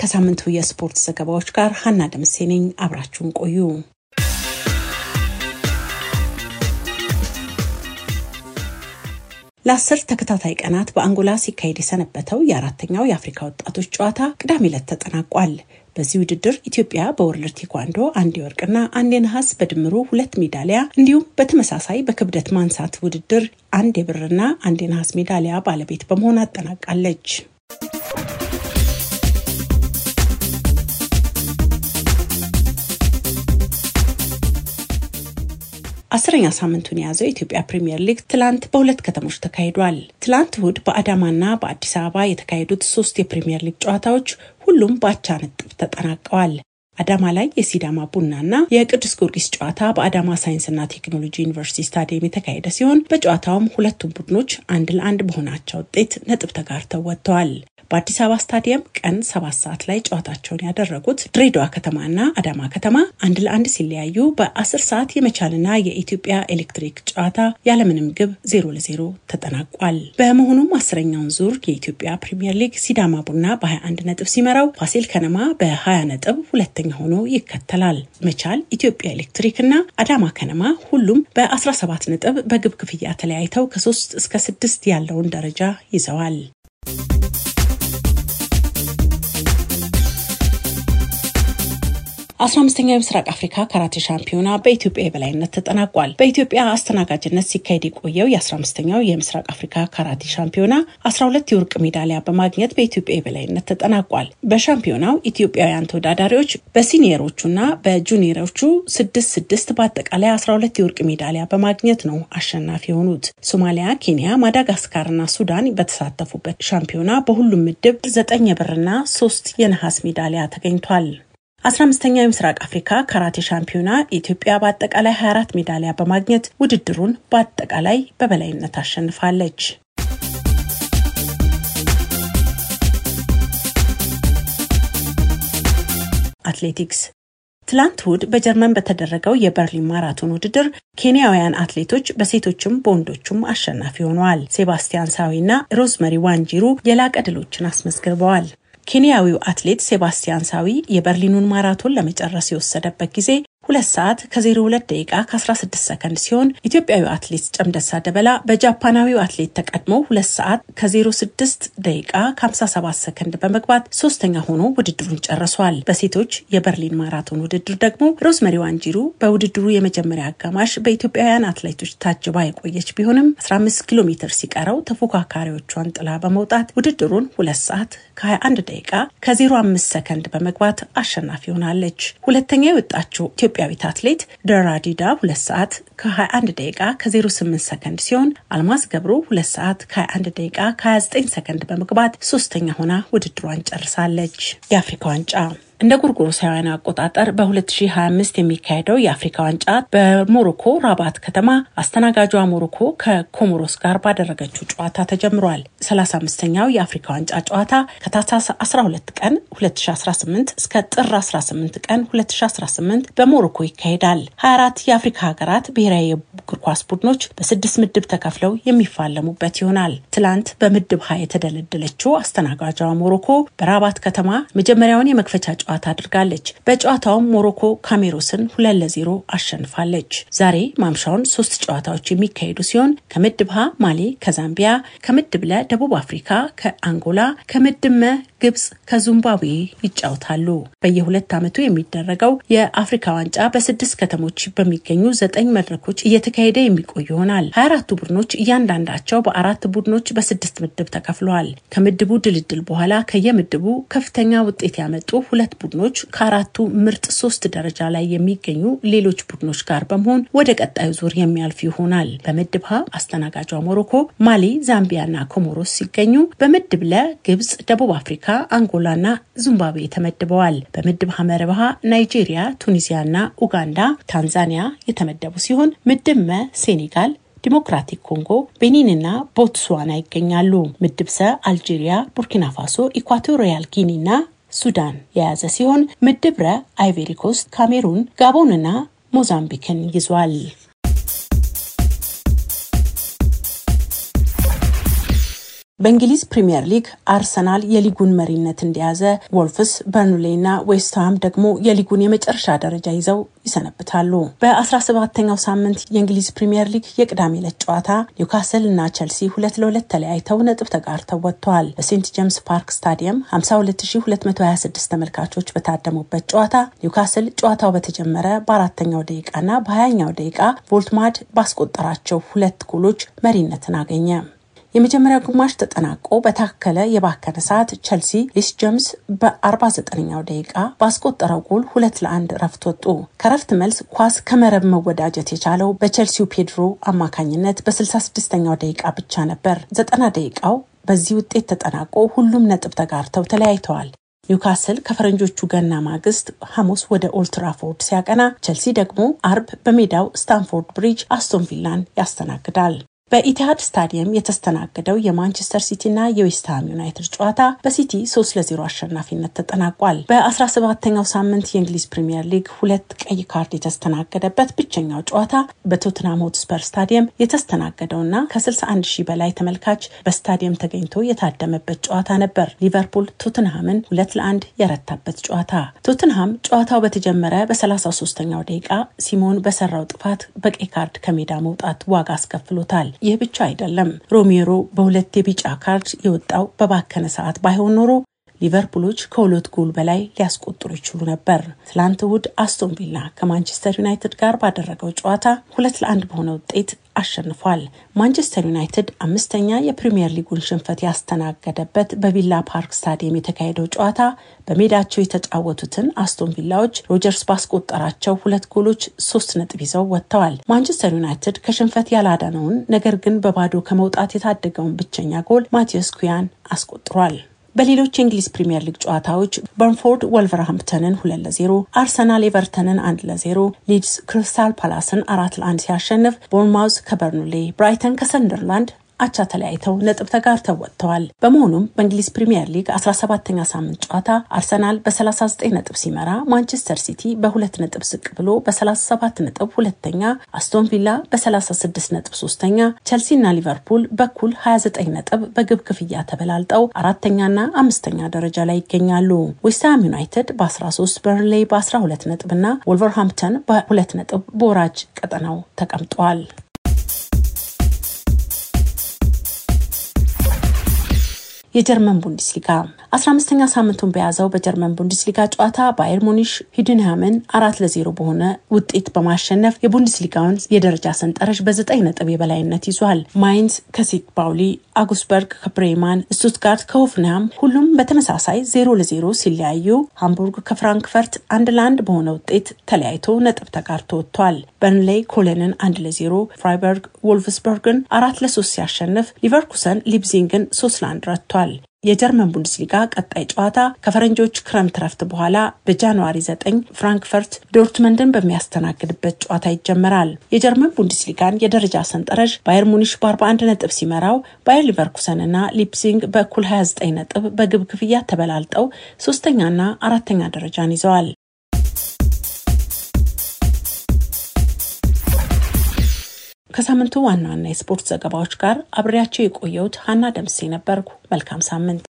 ከሳምንቱ የስፖርት ዘገባዎች ጋር ሀና ደምሴ ነኝ። አብራችሁን ቆዩ። ለአስር ተከታታይ ቀናት በአንጎላ ሲካሄድ የሰነበተው የአራተኛው የአፍሪካ ወጣቶች ጨዋታ ቅዳሜ ዕለት ተጠናቋል። በዚህ ውድድር ኢትዮጵያ በወርልድ ቴኳንዶ አንድ የወርቅና አንድ የነሐስ በድምሩ ሁለት ሜዳሊያ እንዲሁም በተመሳሳይ በክብደት ማንሳት ውድድር አንድ የብርና አንድ የነሐስ ሜዳሊያ ባለቤት በመሆን አጠናቃለች። አስረኛ ሳምንቱን የያዘው የኢትዮጵያ ፕሪምየር ሊግ ትላንት በሁለት ከተሞች ተካሂዷል። ትላንት እሁድ በአዳማና በአዲስ አበባ የተካሄዱት ሶስት የፕሪምየር ሊግ ጨዋታዎች ሁሉም በአቻ ነጥብ ተጠናቀዋል። አዳማ ላይ የሲዳማ ቡናና የቅዱስ ጊዮርጊስ ጨዋታ በአዳማ ሳይንስና ቴክኖሎጂ ዩኒቨርሲቲ ስታዲየም የተካሄደ ሲሆን በጨዋታውም ሁለቱም ቡድኖች አንድ ለአንድ በሆናቸው ውጤት ነጥብ ተጋርተው ወጥተዋል። በአዲስ አበባ ስታዲየም ቀን ሰባት ሰዓት ላይ ጨዋታቸውን ያደረጉት ድሬዳዋ ከተማና አዳማ ከተማ አንድ ለአንድ ሲለያዩ በአስር ሰዓት የመቻልና የኢትዮጵያ ኤሌክትሪክ ጨዋታ ያለምንም ግብ ዜሮ ለዜሮ ተጠናቋል። በመሆኑም አስረኛውን ዙር የኢትዮጵያ ፕሪምየር ሊግ ሲዳማ ቡና በ21 ነጥብ ሲመራው ፋሲል ከነማ በ20 ነጥብ ሁለተኛ ሶስተኛ ሆኖ ይከተላል። መቻል፣ ኢትዮጵያ ኤሌክትሪክ እና አዳማ ከነማ ሁሉም በ17 ነጥብ በግብ ክፍያ ተለያይተው ከ3 እስከ 6 ያለውን ደረጃ ይዘዋል። አስራ አምስተኛው የምስራቅ አፍሪካ ካራቴ ሻምፒዮና በኢትዮጵያ የበላይነት ተጠናቋል። በኢትዮጵያ አስተናጋጅነት ሲካሄድ የቆየው የአስራ አምስተኛው የምስራቅ አፍሪካ ካራቴ ሻምፒዮና አስራ ሁለት የወርቅ ሜዳሊያ በማግኘት በኢትዮጵያ የበላይነት ተጠናቋል። በሻምፒዮናው ኢትዮጵያውያን ተወዳዳሪዎች በሲኒየሮቹና በጁኒየሮቹ ስድስት ስድስት በአጠቃላይ አስራ ሁለት የወርቅ ሜዳሊያ በማግኘት ነው አሸናፊ የሆኑት። ሶማሊያ፣ ኬንያ፣ ማዳጋስካርና ሱዳን በተሳተፉበት ሻምፒዮና በሁሉም ምድብ ዘጠኝ የብርና ሶስት የነሐስ ሜዳሊያ ተገኝቷል። አስራ አምስተኛው የምስራቅ አፍሪካ ካራቴ ሻምፒዮና ኢትዮጵያ በአጠቃላይ 24 ሜዳሊያ በማግኘት ውድድሩን በአጠቃላይ በበላይነት አሸንፋለች። አትሌቲክስ ትላንት እሁድ በጀርመን በተደረገው የበርሊን ማራቶን ውድድር ኬንያውያን አትሌቶች በሴቶችም በወንዶቹም አሸናፊ ሆነዋል። ሴባስቲያን ሳዊና ሮዝመሪ ዋንጂሩ የላቀ ድሎችን አስመዝግበዋል። ኬንያዊው አትሌት ሴባስቲያን ሳዊ የበርሊኑን ማራቶን ለመጨረስ የወሰደበት ጊዜ ሁለት ሰዓት ከ02 ደቂቃ ከ16 ሰከንድ ሲሆን ኢትዮጵያዊ አትሌት ጨምደሳ ደበላ በጃፓናዊው አትሌት ተቀድሞ ሁለት ሰዓት ከ06 ደቂቃ ከ57 ሰከንድ በመግባት ሶስተኛ ሆኖ ውድድሩን ጨርሷል። በሴቶች የበርሊን ማራቶን ውድድር ደግሞ ሮዝመሪ ዋንጂሩ በውድድሩ የመጀመሪያ አጋማሽ በኢትዮጵያውያን አትሌቶች ታጅባ የቆየች ቢሆንም 15 ኪሎ ሜትር ሲቀረው ተፎካካሪዎቿን ጥላ በመውጣት ውድድሩን ሁለት ሰዓት ከ21 ደቂቃ ከ05 ሰከንድ በመግባት አሸናፊ ሆናለች። ሁለተኛ የወጣችው ኢትዮጵያ ኢትዮጵያዊት አትሌት ደራዲዳ ዲዳ ሰዓት ከ21 ደቂቃ ከ08 ሰከንድ ሲሆን አልማዝ ገብሩ 2 ሰዓት ከ21 ደቂቃ ከ29 ሰከንድ በመግባት ሶስተኛ ሆና ውድድሯን ጨርሳለች። የአፍሪካ ዋንጫ እንደ ጎርጎሮሳውያን አቆጣጠር በ2025 የሚካሄደው የአፍሪካ ዋንጫ በሞሮኮ ራባት ከተማ አስተናጋጇ ሞሮኮ ከኮሞሮስ ጋር ባደረገችው ጨዋታ ተጀምሯል። 35ኛው የአፍሪካ ዋንጫ ጨዋታ ከታህሳስ 12 ቀን 2018 እስከ ጥር 18 ቀን 2018 በሞሮኮ ይካሄዳል። 24 የአፍሪካ ሀገራት ብሔራዊ እግር ኳስ ቡድኖች በስድስት ምድብ ተከፍለው የሚፋለሙበት ይሆናል። ትላንት በምድብ ሀ የተደለደለችው አስተናጋጇ ሞሮኮ በራባት ከተማ መጀመሪያውን የመክፈቻ ጨዋታ አድርጋለች። በጨዋታውም ሞሮኮ ካሜሩስን ሁለት ለዜሮ አሸንፋለች። ዛሬ ማምሻውን ሶስት ጨዋታዎች የሚካሄዱ ሲሆን ከምድብ ሀ ማሌ ከዛምቢያ፣ ከምድብ ለ ደቡብ አፍሪካ ከአንጎላ፣ ከምድብ መ ግብጽ ከዚምባብዌ ይጫወታሉ። በየሁለት ዓመቱ የሚደረገው የአፍሪካ ዋንጫ በስድስት ከተሞች በሚገኙ ዘጠኝ መድረኮች እየተካሄደ የሚቆይ ይሆናል። ሀያ አራቱ ቡድኖች እያንዳንዳቸው በአራት ቡድኖች በስድስት ምድብ ተከፍለዋል። ከምድቡ ድልድል በኋላ ከየምድቡ ከፍተኛ ውጤት ያመጡ ሁለት ቡድኖች ከአራቱ ምርጥ ሶስት ደረጃ ላይ የሚገኙ ሌሎች ቡድኖች ጋር በመሆን ወደ ቀጣዩ ዙር የሚያልፍ ይሆናል። በምድብ ሀ አስተናጋጇ ሞሮኮ፣ ማሊ፣ እና ኮሞሮስ ሲገኙ በምድብ ለ ግብጽ፣ ደቡብ አፍሪካ አንጎላና ዚምባብዌ ተመድበዋል። በምድብ ሀመረብሃ ናይጄሪያ፣ ቱኒዚያና ኡጋንዳ፣ ታንዛኒያ የተመደቡ ሲሆን ምድብ መ ሴኔጋል ዲሞክራቲክ ኮንጎ፣ ቤኒንና ቦትስዋና ይገኛሉ። ምድብ ሰ አልጄሪያ፣ ቡርኪና ፋሶ፣ ኢኳቶሪያል እና ሱዳን የያዘ ሲሆን ምድብ ረ አይቬሪኮስት፣ ካሜሩን፣ ጋቦንና ሞዛምቢክን ይዟል። በእንግሊዝ ፕሪምየር ሊግ አርሰናል የሊጉን መሪነት እንደያዘ፣ ወልፍስ፣ በርንሌይና ዌስትሃም ደግሞ የሊጉን የመጨረሻ ደረጃ ይዘው ይሰነብታሉ። በ17ኛው ሳምንት የእንግሊዝ ፕሪምየር ሊግ የቅዳሜ ዕለት ጨዋታ ኒውካስል እና ቸልሲ ሁለት ለሁለት ተለያይተው ነጥብ ተጋርተው ወጥተዋል። በሴንት ጄምስ ፓርክ ስታዲየም 52226 ተመልካቾች በታደሙበት ጨዋታ ኒውካስል ጨዋታው በተጀመረ በአራተኛው ደቂቃ ደቂቃና በሀያኛው ደቂቃ ቮልትማድ ባስቆጠራቸው ሁለት ጎሎች መሪነትን አገኘ። የመጀመሪያው ግማሽ ተጠናቆ በታከለ የባከነ ሰዓት ቸልሲ ሊስ ጀምስ በ49ኛው ደቂቃ ባስቆጠረው ጎል ሁለት ለአንድ ረፍት ወጡ። ከረፍት መልስ ኳስ ከመረብ መወዳጀት የቻለው በቸልሲው ፔድሮ አማካኝነት በ66ኛው ደቂቃ ብቻ ነበር። ዘጠና ደቂቃው በዚህ ውጤት ተጠናቆ ሁሉም ነጥብ ተጋርተው ተለያይተዋል። ኒውካስል ከፈረንጆቹ ገና ማግስት ሐሙስ ወደ ኦልትራፎርድ ሲያቀና፣ ቸልሲ ደግሞ አርብ በሜዳው ስታንፎርድ ብሪጅ አስቶን ቪላን ያስተናግዳል። በኢቲሃድ ስታዲየም የተስተናገደው የማንቸስተር ሲቲና የዌስትሃም ዩናይትድ ጨዋታ በሲቲ ለ ለዜሮ አሸናፊነት ተጠናቋል። 17 ኛው ሳምንት የእንግሊዝ ፕሪምየር ሊግ ሁለት ቀይ ካርድ የተስተናገደበት ብቸኛው ጨዋታ በቶትናም ሆትስፐር ስታዲየም የተስተናገደው ና ከ61 ሺህ በላይ ተመልካች በስታዲየም ተገኝቶ የታደመበት ጨዋታ ነበር። ሊቨርፑል ቶትንሃምን ሁለት ለአንድ የረታበት ጨዋታ። ቶትንሃም ጨዋታው በተጀመረ በ33ኛው ደቂቃ ሲሞን በሰራው ጥፋት በቀይ ካርድ ከሜዳ መውጣት ዋጋ አስከፍሎታል። ይህ ብቻ አይደለም። ሮሜሮ በሁለት የቢጫ ካርድ የወጣው በባከነ ሰዓት ባይሆን ኖሮ ሊቨርፑሎች ከሁለት ጎል በላይ ሊያስቆጥሩ ይችሉ ነበር። ትላንት እሁድ አስቶን ቪላ ከማንቸስተር ዩናይትድ ጋር ባደረገው ጨዋታ ሁለት ለአንድ በሆነ ውጤት አሸንፏል። ማንቸስተር ዩናይትድ አምስተኛ የፕሪምየር ሊጉን ሽንፈት ያስተናገደበት በቪላ ፓርክ ስታዲየም የተካሄደው ጨዋታ በሜዳቸው የተጫወቱትን አስቶን ቪላዎች ሮጀርስ ባስቆጠራቸው ሁለት ጎሎች ሶስት ነጥብ ይዘው ወጥተዋል። ማንቸስተር ዩናይትድ ከሽንፈት ያላዳነውን ነገር ግን በባዶ ከመውጣት የታደገውን ብቸኛ ጎል ማቲዮስ ኩያን አስቆጥሯል። በሌሎች የእንግሊዝ ፕሪምየር ሊግ ጨዋታዎች በርንፎርድ ወልቨርሃምፕተንን ሁለት ለዜሮ፣ አርሰናል ኤቨርተንን አንድ ለዜሮ፣ ሊድስ ክሪስታል ፓላስን አራት ለአንድ ሲያሸንፍ፣ ቦርንማውዝ ከበርኑሌ፣ ብራይተን ከሰንደርላንድ አቻ ተለያይተው ነጥብ ተጋርተው ወጥተዋል። በመሆኑም በእንግሊዝ ፕሪምየር ሊግ 17ኛ ሳምንት ጨዋታ አርሰናል በ39 ነጥብ ሲመራ ማንቸስተር ሲቲ በሁለት ነጥብ ዝቅ ብሎ በ37 ነጥብ ሁለተኛ፣ አስቶን ቪላ በ36 ነጥብ ሶስተኛ፣ ቸልሲና ሊቨርፑል በኩል 29 ነጥብ በግብ ክፍያ ተበላልጠው አራተኛና አምስተኛ ደረጃ ላይ ይገኛሉ። ዌስትሃም ዩናይትድ በ13 በርንሌይ በ12 ነጥብ ነጥብና ወልቨርሃምፕተን በ2 ነጥብ በወራጅ ቀጠናው ተቀምጧል። የጀርመን ቡንድስሊጋ 15ኛ ሳምንቱን በያዘው በጀርመን ቡንድስሊጋ ጨዋታ ባየር ሙኒሽ ሂድንሃምን አራት ለዜሮ በሆነ ውጤት በማሸነፍ የቡንደስሊጋውን የደረጃ ሰንጠረዥ በዘጠኝ ነጥብ የበላይነት ይዟል። ማይንስ ከሴት ባውሊ፣ አጉስበርግ ከብሬማን፣ ስቱትጋርት ከሆፍንሃም ሁሉም በተመሳሳይ ዜሮ ለዜሮ ሲለያዩ፣ ሃምቡርግ ከፍራንክፈርት አንድ ለአንድ በሆነ ውጤት ተለያይቶ ነጥብ ተጋርቶ ወጥቷል። በርንሌይ ኮለንን አንድ ለዜሮ፣ ፍራይበርግ ወልፍስበርግን አራት ለሶስት ሲያሸንፍ፣ ሊቨርኩሰን ሊፕዚንግን ሶስት ለአንድ ረቷል። ተደርጓል። የጀርመን ቡንደስሊጋ ቀጣይ ጨዋታ ከፈረንጆች ክረምት ረፍት በኋላ በጃንዋሪ 9 ፍራንክፈርት ዶርትመንድን በሚያስተናግድበት ጨዋታ ይጀመራል። የጀርመን ቡንደስሊጋን የደረጃ ሰንጠረዥ ባየር ሙኒሽ በ41 ነጥብ ሲመራው ባየር ሊቨርኩሰን እና ሊፕሲንግ በእኩል 29 ነጥብ በግብ ክፍያ ተበላልጠው ሶስተኛና አራተኛ ደረጃን ይዘዋል። ከሳምንቱ ዋና ዋና የስፖርት ዘገባዎች ጋር አብሬያቸው የቆየሁት ሀና ደምሴ ነበርኩ። መልካም ሳምንት።